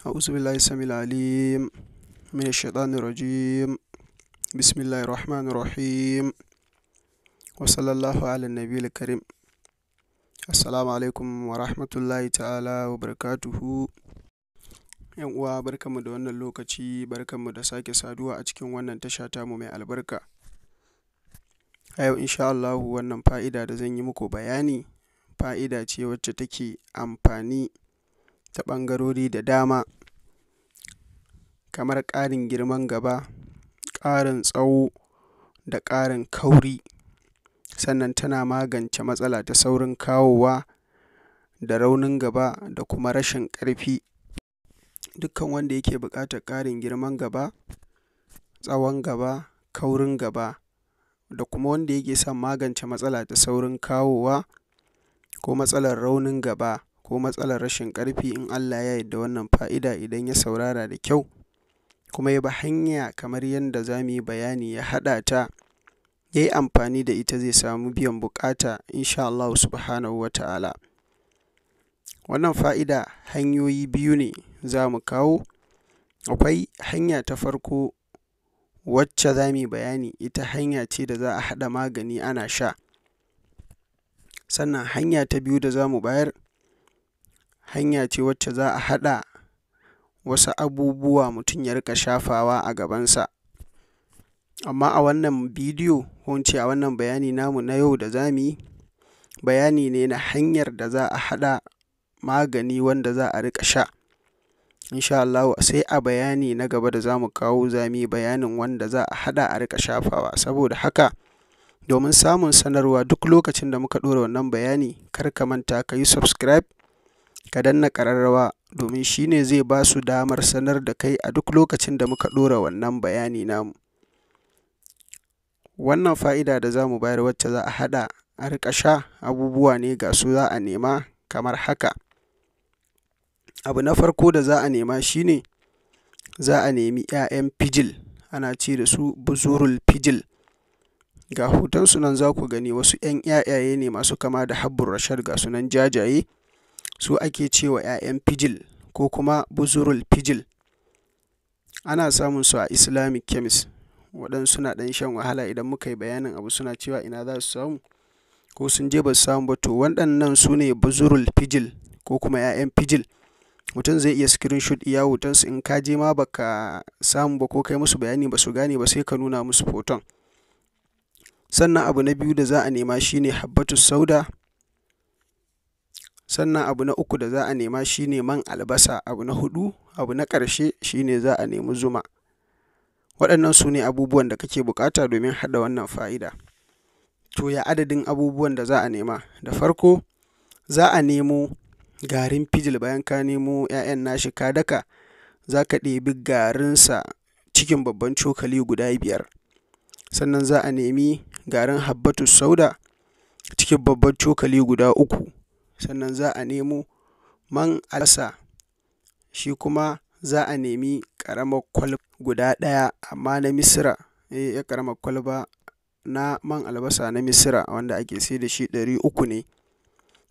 أعوذ بالله السميع العليم من الشيطان الرجيم بسم الله الرحمن الرحيم وصلى الله على النبي الكريم السلام alaikum wa rahmatullahi ta'ala wa yan uwa barkanmu da wannan lokaci barkanmu da sake saduwa a cikin wannan tasha tamu mai albarka a yau insha wannan fa'ida da zan yi muku bayani fa'ida ce wacce take amfani ta ɓangarori da dama kamar ƙarin girman gaba, ƙarin tsawo da ƙarin kauri, sannan tana magance matsala ta saurin kawowa da raunin gaba da kuma rashin ƙarfi. Dukkan wanda yake buƙatar ƙarin girman gaba, tsawon gaba, kaurin gaba da kuma wanda yake son magance matsala ta saurin kawowa ko matsalar raunin gaba ko matsalar rashin ƙarfi in Allah ya yarda wannan fa'ida idan ya saurara da kyau. kuma ya bi hanya kamar yadda za mu yi bayani ya haɗa ta ya yi amfani da ita zai samu biyan buƙata insha Allah subhanahu wa ta'ala. Wannan fa'ida hanyoyi biyu ne za mu kawo. Akwai hanya ta farko wacce za mu yi bayani ita hanya ce da za a haɗa magani ana sha. Sannan hanya ta biyu da za mu bayar hanya ce wacce za a haɗa wasu abubuwa mutum ya rika shafawa a gabansa. Amma a wannan bidiyo ko ce a wannan bayani namu na yau da za bayani ne na hanyar da za a haɗa magani wanda za a riƙa sha. Insha Allahu sai a bayani na gaba da za mu kawo zami bayanin wanda za a haɗa a rika shafawa. Saboda haka, domin samun sanarwa duk lokacin da muka ɗora wannan bayani, kar ka manta ka yi subscribe. ka danna ƙararrawa domin shi ne zai ba su damar sanar da kai a duk lokacin da muka ɗora wannan bayani namu. Wannan fa'ida da za mu bayar wacce za a haɗa a riƙa sha abubuwa ne ga su za a nema kamar haka. Abu na farko da za a nema shi ne za a nemi ‘ya'yan fijil, ana ce da su buzurul fijil. Ga hotonsu nan za ku gani wasu ‘yan ‘ya'yaye ne masu kama da habbur rashar, ga su nan jajaye. su ake cewa ‘ya'yan fijil ko kuma buzurul pidgin. Ana samun su a Islamic chemis waɗansu na ɗan shan wahala idan muka yi bayanin abu suna cewa ina za su samu ko sun je ba su samu ba to waɗannan su ne buzurul pidgin ko kuma ‘ya'yan fijil Mutum zai iya screenshot iya hotonsu in ka je ma ba ka samu ba ko kai musu bayani ba su gane ba sai ka nuna musu hoton. Sannan abu na biyu da za a nema shi ne habbatus sauda sannan abu na uku da za a nema shi ne man albasa abu na hudu abu na ƙarshe shi ne za a nemi zuma waɗannan su ne abubuwan da kake buƙata domin haɗa wannan fa'ida to ya adadin abubuwan da za a nema da farko za a nemo garin fijil bayan ka nemo 'ya'yan nashi ka daka za ka ɗebi garinsa cikin babban cokali guda biyar sannan za a nemi garin habbatus sauda cikin babban cokali guda uku sannan za a nemo man alasa shi kuma za a nemi ƙaramar kwalba guda ɗaya amma na misira eh, ƙaramar kwalba na man albasa na misira wanda ake sai da shi ɗari uku ne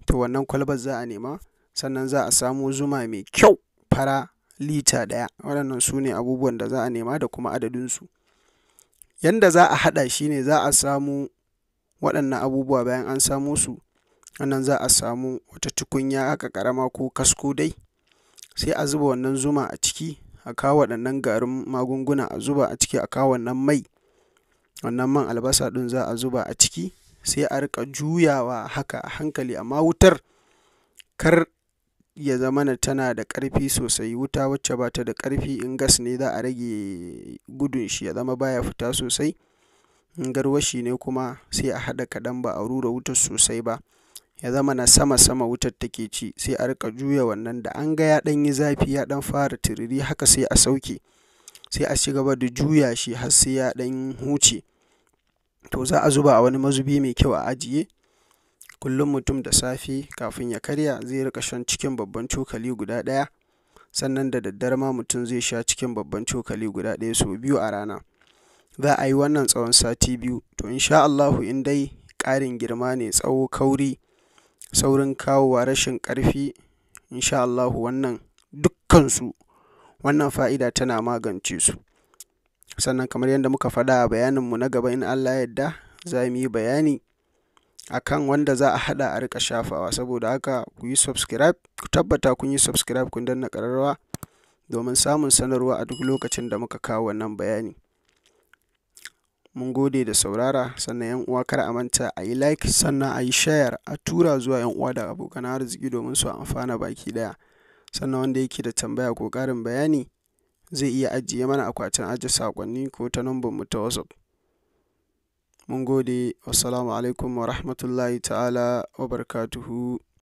to wannan kwalbar za a nema sannan za a samo zuma mai kyau fara lita ɗaya waɗannan su ne abubuwan da za a nema da kuma adadinsu yanda za a haɗa shi ne za a samu waɗannan abubuwa bayan an samo su Wannan za a samu wata tukunya haka ƙarama ko kasko dai, sai a zuba wannan zuma a ciki, a kawo waɗannan garin magunguna a zuba a ciki, a kawo wannan mai, wannan man albasa ɗin za a zuba a ciki, sai a rika juyawa haka a hankali, amma wutar kar ya zamana tana da ƙarfi sosai, wuta wacce ba ta da ƙarfi. In gas ne za a rage gudun shi ya zama baya fita sosai, in garwashi ne kuma sai a haɗa kaɗan ba a rura wutar sosai ba. ya zama na sama-sama wutar take ci, sai a riƙa juya wannan da an ga ya ɗan yi zafi ya ɗan fara tiriri haka sai a sauke. Sai a ci gaba da juya shi har sai ya ɗan huce. To za a zuba a wani mazubi mai kyau a ajiye. Kullum mutum da safe kafin ya karya zai riƙa shan cikin babban cokali guda ɗaya, sannan da daddare ma mutum zai sha cikin babban cokali guda ɗaya sau biyu a rana. Za a yi wannan tsawon sati biyu, to insha Allahu in dai ƙarin girma ne, tsawo, kauri saurin kawowa, rashin ƙarfi, insha Allahu wannan dukkansu wannan fa'ida tana magance su. Sannan kamar yadda muka faɗa a bayaninmu na gaba in Allah ya yarda, za mu yi bayani a kan wanda za a haɗa a riƙa shafawa. Saboda haka ku yi subscribe, ku tabbata kun yi subscribe kun danna ƙararrawa domin samun sanarwa a duk lokacin da muka kawo wannan bayani. Mun gode da saurara, sannan 'yan uwa kar a manta a yi like sannan a yi share a tura zuwa 'yan uwa da abokan arziki domin su amfana baki daya Sannan wanda yake da tambaya ko karin bayani zai iya ajiye mana akwatin ajiye sakonni ko ta mu ta WhatsApp. Mun gode, wassalamu alaikum wa rahmatullahi ta'ala wa barkatuhu